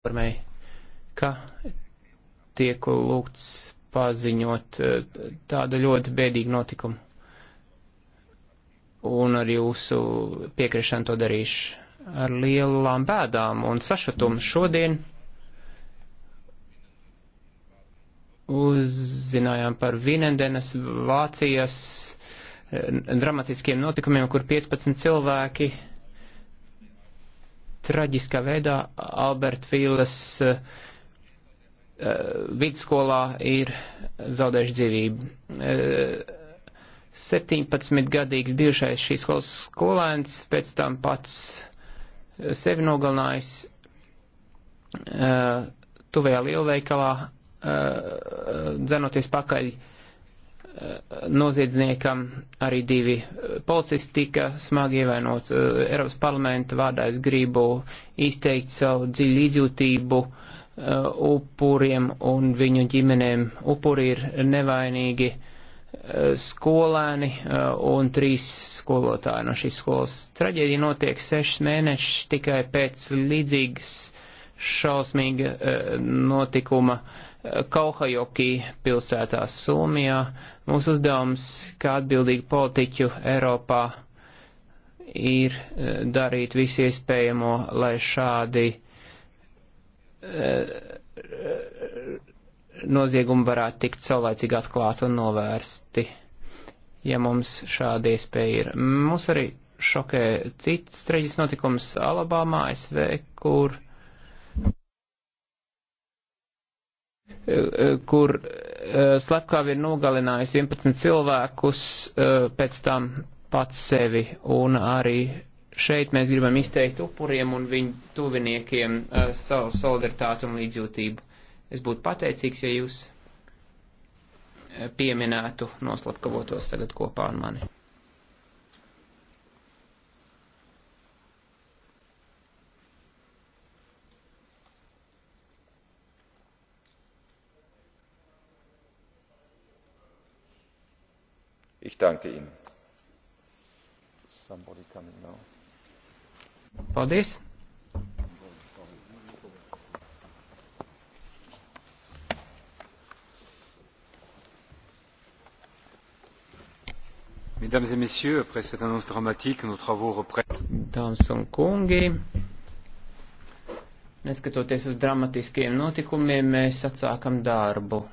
informēja, ka tiek lūgts paziņot eh, tādu ļoti bēdīgu notikumu. Un ar jūsu piekrišanu to darīšu ar lielām bēdām un sašutumu šodien. Uzzinājām par Vinendenes Vācijas eh, dramatiskiem notikumiem, kur 15 cilvēki traģiskā veidā Albertvīles uh, eh, eh, vidusskolā ir zaudējuši dzīvību. Uh, eh, 17-gadīgs bijušais šīs skolas skolēns pēc tam pats sevi nogalinājis uh, tuvējā lielveikalā, uh, dzenoties pakaļ uh, noziedzniekam, arī divi eh, policisti tika smagi ievainot. Eh, Eiropas parlamenta vārdā es gribu izteikt savu dziļu līdzjūtību eh, upuriem un viņu ģimenēm. Upuri ir nevainīgi skolēni un trīs skolotāji no šīs skolas. Traģēdija notiek sešas mēnešus tikai pēc līdzīgas uh, šausmīga e, notikuma Kauhajoki pilsētā Somijā. Mūsu uzdevums, kā atbildīgi politiķu Eiropā, ir e, darīt visu iespējamo, lai šādi e, noziegumi varētu tikt saulēcīgi atklāti un novērsti, ja mums šāda iespēja ir. Mums arī šokē cits traģisks notikums Alabāmā, ASV, kur kur eh, slepkāvi ir nogalinājis 11 cilvēkus, eh, pēc tam pats sevi. Un arī šeit mēs gribam izteikt upuriem un viņu tuviniekiem eh, savu solidaritātu un līdzjūtību. Es būtu pateicīgs, ja jūs pieminētu noslapkavotos tagad kopā ar mani. Ich danke Ihnen. Somebody coming now. Paldies! Mesdames et messieurs, après cette annonce dramatique, nos travaux reprennent. Dāmas un kungi, neskatoties uz dramatiskiem notikumiem, mēs atsākam darbu.